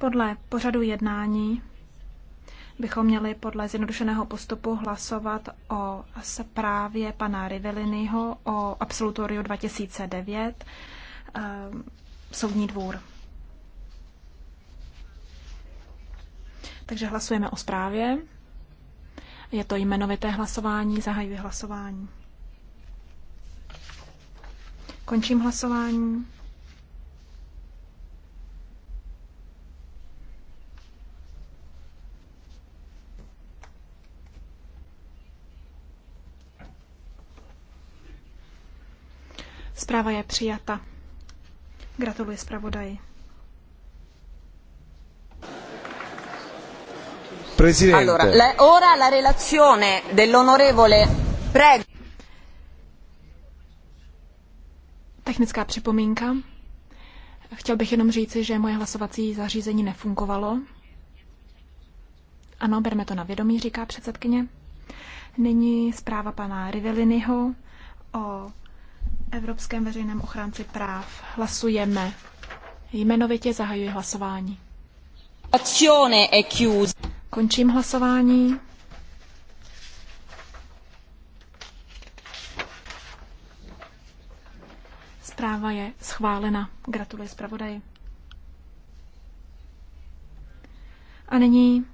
Podle pořadu jednání bychom měli podle zjednodušeného postupu hlasovat o zprávě pana Riveliniho o absolutoriu 2009 eh, Soudní dvůr. Takže hlasujeme o zprávě. Je to jmenovité hlasování, zahajuji hlasování. Končím hlasování. Zpráva je přijata. Gratuluji zpravodaji. Presidente. Allora, la, ora la relazione dell'onorevole Prego. Technická připomínka. Chtěl bych jenom říci, že moje hlasovací zařízení nefungovalo. Ano, berme to na vědomí, říká předsedkyně. Nyní zpráva pana Riveliniho o Evropském veřejném ochránci práv. Hlasujeme. Jmenovitě zahajuji hlasování. Končím hlasování. Zpráva je schválena. Gratuluji zpravodaji. A nyní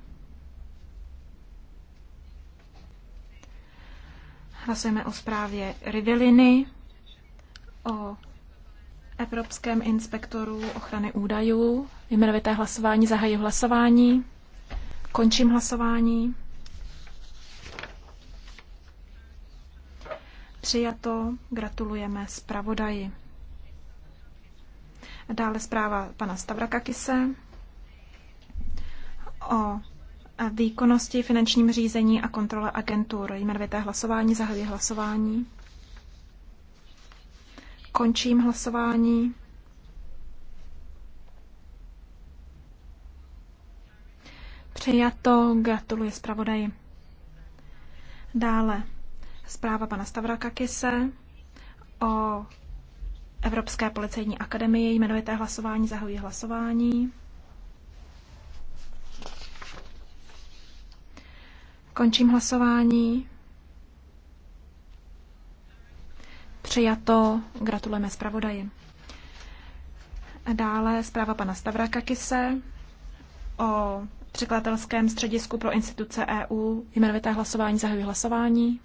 hlasujeme o zprávě Riveliny, o Evropském inspektoru ochrany údajů. Jmenovité hlasování, zahají hlasování, končím hlasování. Přijato, gratulujeme zpravodaji. Dále zpráva pana Stavrakakise o výkonnosti, finančním řízení a kontrole agentur. Jmenovité hlasování, zahajuji hlasování. Končím hlasování. Přijato, gratuluji zpravodaji. Dále zpráva pana Stavrakakise o Evropské policejní akademie, jmenujete hlasování, zahajuji hlasování. Končím hlasování. Přijato. Gratulujeme zpravodaji. Dále zpráva pana Stavrakakise o překladatelském středisku pro instituce EU. Jmenovité hlasování zahajuji hlasování.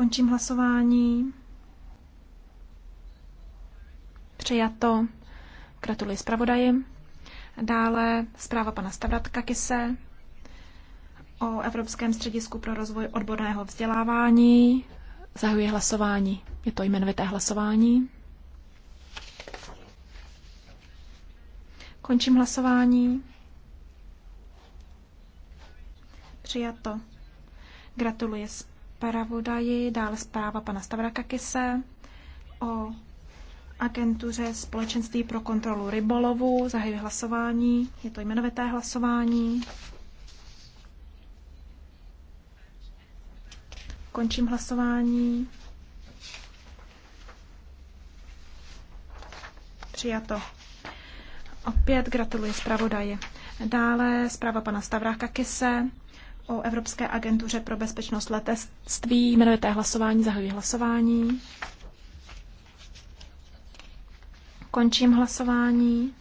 Končím hlasování. Přijato. Gratuluji zpravodaji. Dále zpráva pana Stavratka Kise o Evropském středisku pro rozvoj odborného vzdělávání. Zahajuji hlasování. Je to jmenovité hlasování. Končím hlasování. Přijato. Gratuluji zpravodaji. Paravodaji, dále zpráva pana Stavrakakise o agentuře Společenství pro kontrolu rybolovu. Zahajuji hlasování, je to jmenovité hlasování. Končím hlasování. Přijato. Opět gratuluji zpravodaji. Dále zpráva pana Stavráka Kise o Evropské agentuře pro bezpečnost letectví. Jmenujete hlasování, zahajuji hlasování. Končím hlasování.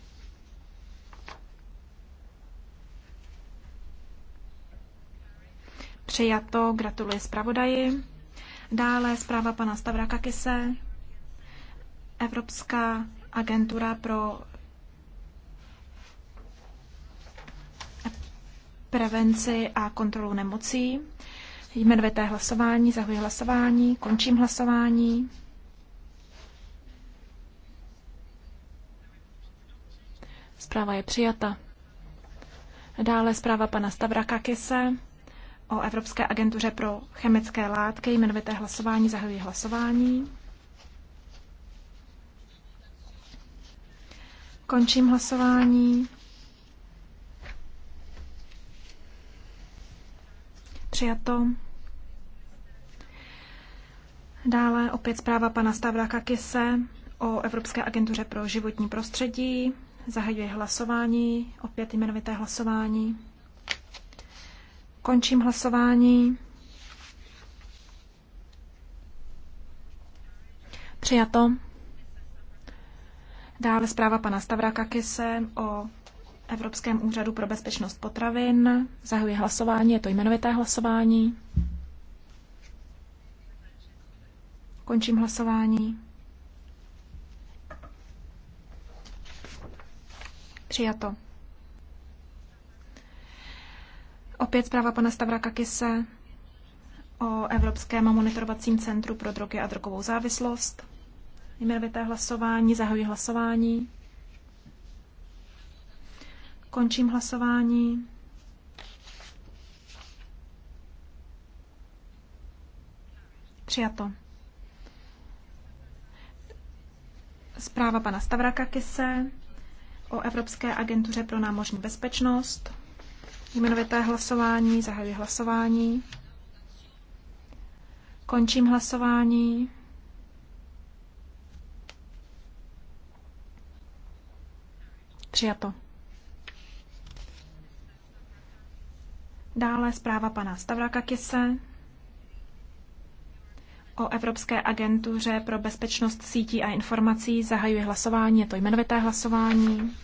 Přijato, gratuluji zpravodaji. Dále zpráva pana Kakise, Evropská agentura pro prevenci a kontrolu nemocí. Jmenovité hlasování, zahuji hlasování, končím hlasování. Zpráva je přijata. Dále zpráva pana Stavrakakise o Evropské agentuře pro chemické látky, jmenovité hlasování, zahajuji hlasování. Končím hlasování. Přijato. Dále opět zpráva pana Stavra Kakise o Evropské agentuře pro životní prostředí. Zahajuji hlasování, opět jmenovité hlasování. Končím hlasování. Přijato. Dále zpráva pana Stavra Kakise o Evropském úřadu pro bezpečnost potravin. Zahajuji hlasování, je to jmenovité hlasování. Končím hlasování. Přijato. Opět zpráva pana Stavra Kakise o Evropském monitorovacím centru pro drogy a drogovou závislost. Jmenovité hlasování, zahajuji hlasování. Končím hlasování. Přijato. Zpráva pana Stavrakakise o Evropské agentuře pro námořní bezpečnost. Jmenovité hlasování, zahajuji hlasování. Končím hlasování. Přijato. Dále zpráva pana Stavrakakise o Evropské agentuře pro bezpečnost sítí a informací. Zahajuji hlasování, je to jmenovité hlasování.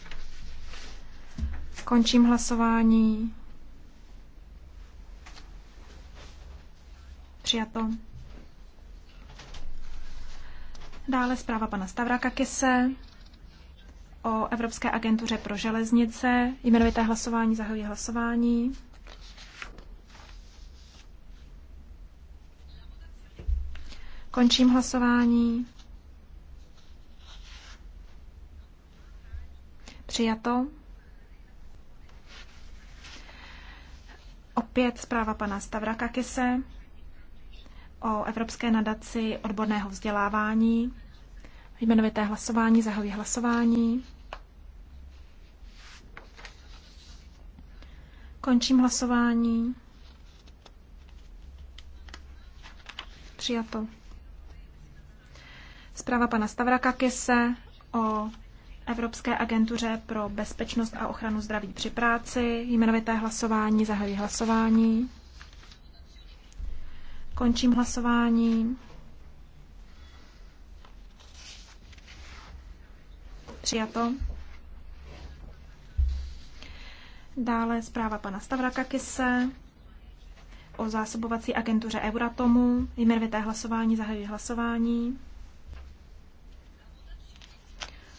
Končím hlasování. Přijato. Dále zpráva pana Kise o Evropské agentuře pro železnice. Jmenovité hlasování zahajuje hlasování. Končím hlasování. Přijato. Opět zpráva pana Stavrakakise o Evropské nadaci odborného vzdělávání. Jmenovité hlasování, zahojí hlasování. Končím hlasování. Přijato. Zpráva pana Stavrakakise o Evropské agentuře pro bezpečnost a ochranu zdraví při práci. Jmenovité hlasování, zahajuji hlasování. Končím hlasování. Přijato. Dále zpráva pana Stavrakakise o zásobovací agentuře Euratomu. Jmenovité hlasování, zahajuji hlasování.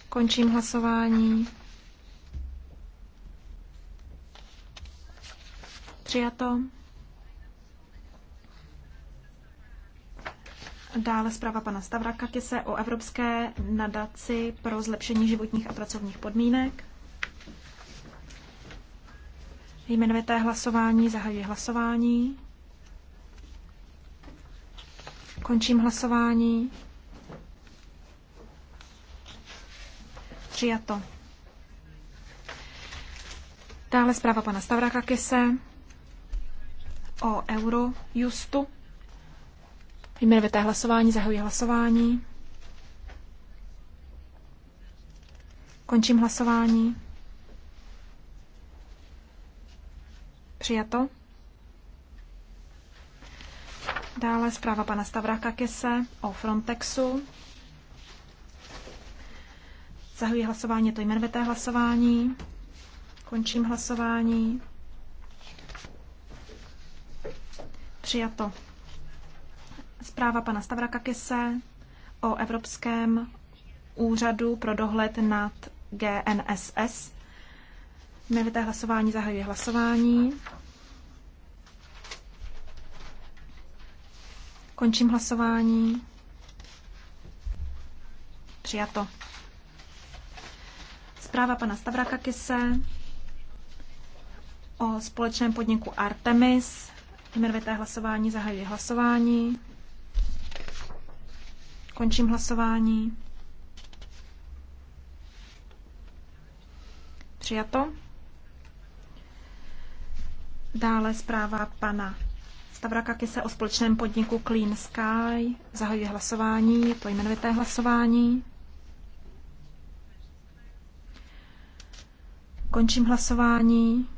Končím hlasování. Přijato. Dále zpráva pana Stavrakakise o Evropské nadaci pro zlepšení životních a pracovních podmínek. Jmenovité hlasování zahajuji hlasování. Končím hlasování. Přijato. Dále zpráva pana Stavrakakise o Eurojustu. Jmenovité hlasování, zahajuji hlasování. Končím hlasování. Přijato. Dále zpráva pana Stavrakakise o Frontexu. Zahajuji hlasování, je to jmenovité hlasování. Končím hlasování. Přijato. Zpráva pana Stavrakakise o Evropském úřadu pro dohled nad GNSS. Jmenovité hlasování zahajuje hlasování. Končím hlasování. Přijato. Zpráva pana Stavrakakise o společném podniku Artemis. Jmenovité hlasování zahajuje hlasování. Končím hlasování. Přijato. Dále zpráva pana Stavrakakise o společném podniku Clean Sky. Zahajuje hlasování, je to jmenovité hlasování. Končím hlasování.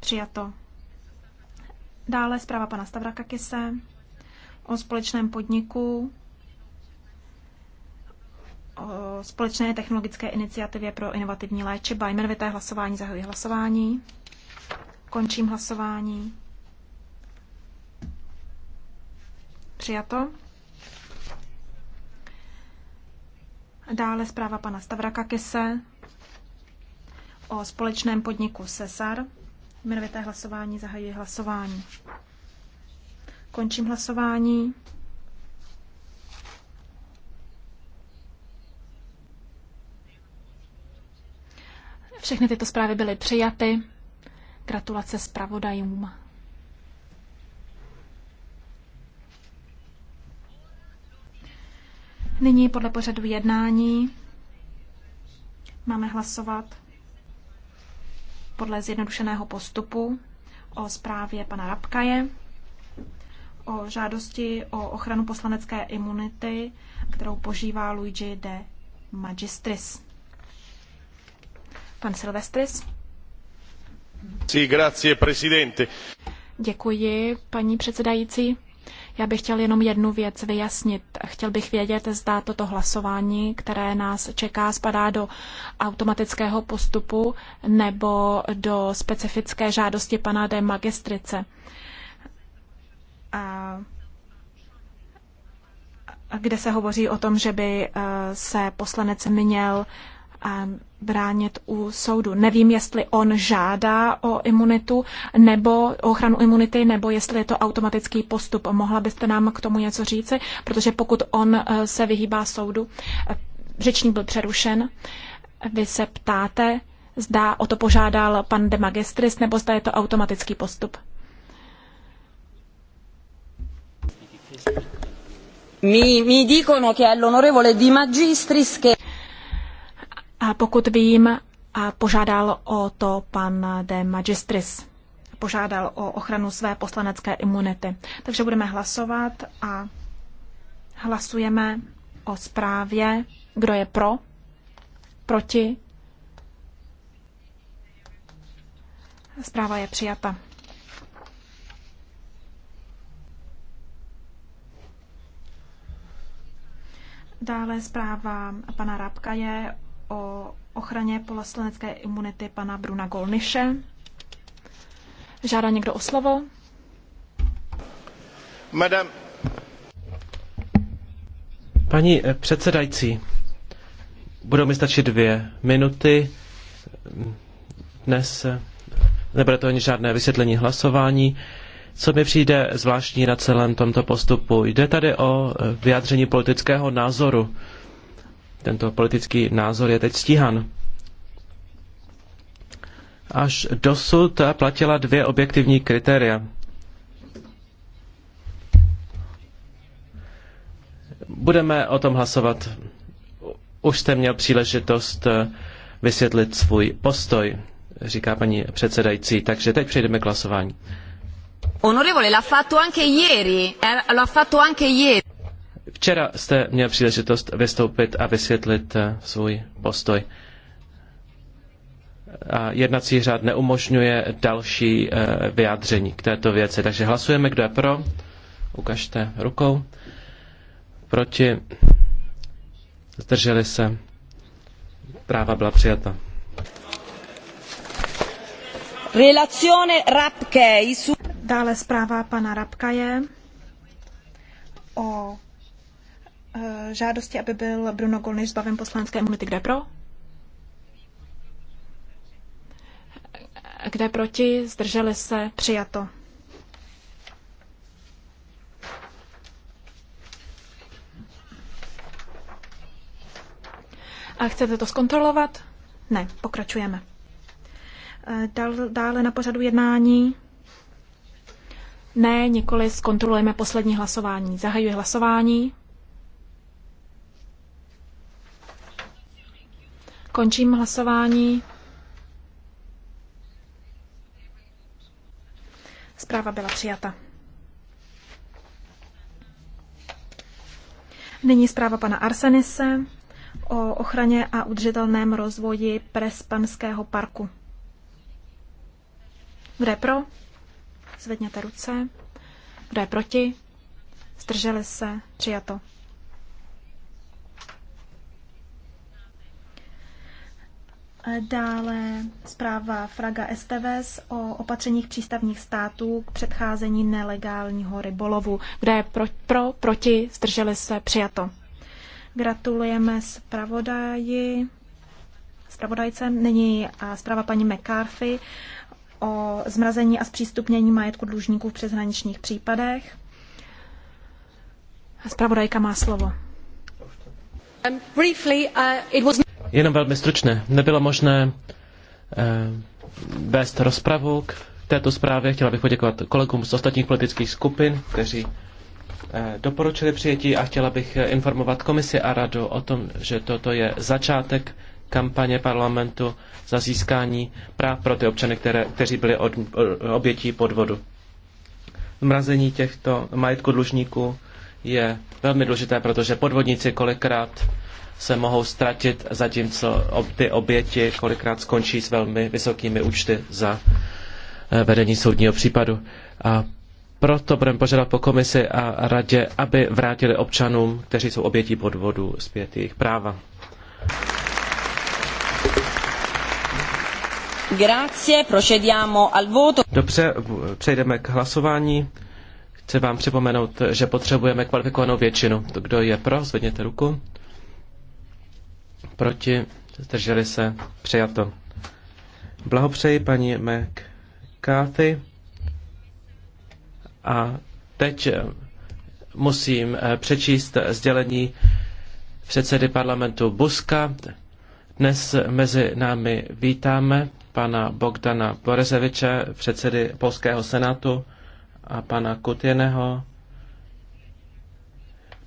Přijato. Dále zpráva pana Stavrakakise o společném podniku, o společné technologické iniciativě pro inovativní léčeba. Jmenovité hlasování zahajuji hlasování. Končím hlasování. Přijato. Dále zpráva pana Stavrakakise o společném podniku Cesar. Jmenovité hlasování zahají hlasování. Končím hlasování. Všechny tyto zprávy byly přijaty. Gratulace zpravodajům. Nyní podle pořadu jednání máme hlasovat podle zjednodušeného postupu o zprávě pana Rabkaje, o žádosti o ochranu poslanecké imunity, kterou požívá Luigi de Magistris. Pan Silvestris. Sí, grazie, presidente. Děkuji, paní předsedající. Já bych chtěl jenom jednu věc vyjasnit. Chtěl bych vědět, zda toto hlasování, které nás čeká, spadá do automatického postupu nebo do specifické žádosti pana de magistrice. A kde se hovoří o tom, že by eh, se poslanec měl bránit u soudu. Nevím, jestli on žádá o imunitu nebo o ochranu imunity, nebo jestli je to automatický postup. Mohla byste nám k tomu něco říci? Protože pokud on eh, se vyhýbá soudu, eh, řečník byl přerušen, vy se ptáte, zda o to požádal pan de magistris, nebo zda je to automatický postup. Mi, mi dicono che all'onorevole Di Magistris che a pokud vím, a požádal o to pan de Magistris. Požádal o ochranu své poslanecké imunity. Takže budeme hlasovat a hlasujeme o zprávě, kdo je pro, proti. Zpráva je přijata. Dále zpráva pana Rabka je o ochraně poslanecké imunity pana Bruna Golniše. Žádá někdo o slovo? Madame. Paní eh, předsedající, budou mi stačit dvě minuty. Dnes eh, nebude to ani žádné vysvětlení hlasování. Co mi přijde zvláštní na celém tomto postupu? Jde tady o eh, vyjádření politického názoru tento politický názor je teď stíhan. Až dosud platila dvě objektivní kritéria. Budeme o tom hlasovat. Už jste měl příležitost eh, vysvětlit svůj postoj, říká paní předsedající, takže teď přejdeme k hlasování. Onorevole, l'ha fatto anche ieri, eh, l'ha fatto anche ieri. Včera jste měl příležitost vystoupit a vysvětlit eh, svůj postoj. A jednací řád neumožňuje další eh, vyjádření k této věci. Takže hlasujeme, kdo je pro. Ukažte rukou. Proti. Zdrželi se. Práva byla přijata. Relazione Rapkej. Dále zpráva pana Rapkaje o Eh, žádosti, aby byl Bruno Golniš zbaven poslanské imunity. Kde pro? Kde proti? Zdrželi se? Přijato. A chcete to zkontrolovat? Ne, pokračujeme. Eh, Dál, dále na pořadu jednání? Ne, nikoli zkontrolujeme poslední hlasování. Zahajuji hlasování. Končím hlasování. Zpráva byla přijata. Nyní zpráva pana Arsenise o ochraně a udržitelném rozvoji Prespanského parku. Kdo je pro? Zvedněte ruce. Kdo je proti? Zdrželi se? Přijato. Dále zpráva Fraga STVS o opatřeních přístavních států k předcházení nelegálního rybolovu. kde je pro, pro proti, zdrželi se, přijato. Gratulujeme zpravodaji. Zpravodajce není zpráva paní McCarthy o zmrazení a zpřístupnění majetku dlužníků v přeshraničních případech. Zpravodajka má slovo. Um, briefly, uh, it was... Jenom velmi stručně. Nebylo možné eh, vést rozpravu k této zprávě. Chtěla bych poděkovat kolegům z ostatních politických skupin, kteří eh, doporučili přijetí a chtěla bych eh, informovat komisi a radu o tom, že toto je začátek kampaně parlamentu za získání práv pro ty občany, které, kteří byli od, obětí podvodu. Mrazení těchto majetku dlužníků je velmi důležité, protože podvodníci kolikrát se mohou ztratit, zatímco ty oběti kolikrát skončí s velmi vysokými účty za eh, vedení soudního případu. A proto budeme požádat po komisi a radě, aby vrátili občanům, kteří jsou obětí podvodu, zpět jejich práva. Grazie, procediamo al voto. Dobře, přejdeme k hlasování. Chci vám připomenout, že potřebujeme kvalifikovanou většinu. Kdo je pro, zvedněte ruku proti, zdrželi se, přijato. Blahopřeji paní McCarthy a teď eh, musím eh, přečíst sdělení předsedy parlamentu Buska. Dnes mezi námi vítáme pana Bogdana Borezeviče, předsedy Polského senátu a pana Kutěného,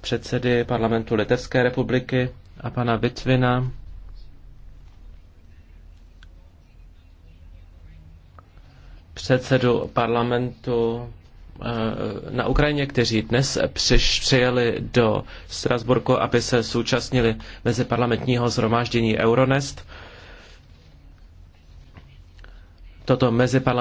předsedy parlamentu Litevské republiky a pana Vitvina. předsedu parlamentu eh, na Ukrajině, kteří dnes přiš, přijeli do Strasburku, aby se současnili parlamentního zhromáždění Euronest. Toto mezi parlamentní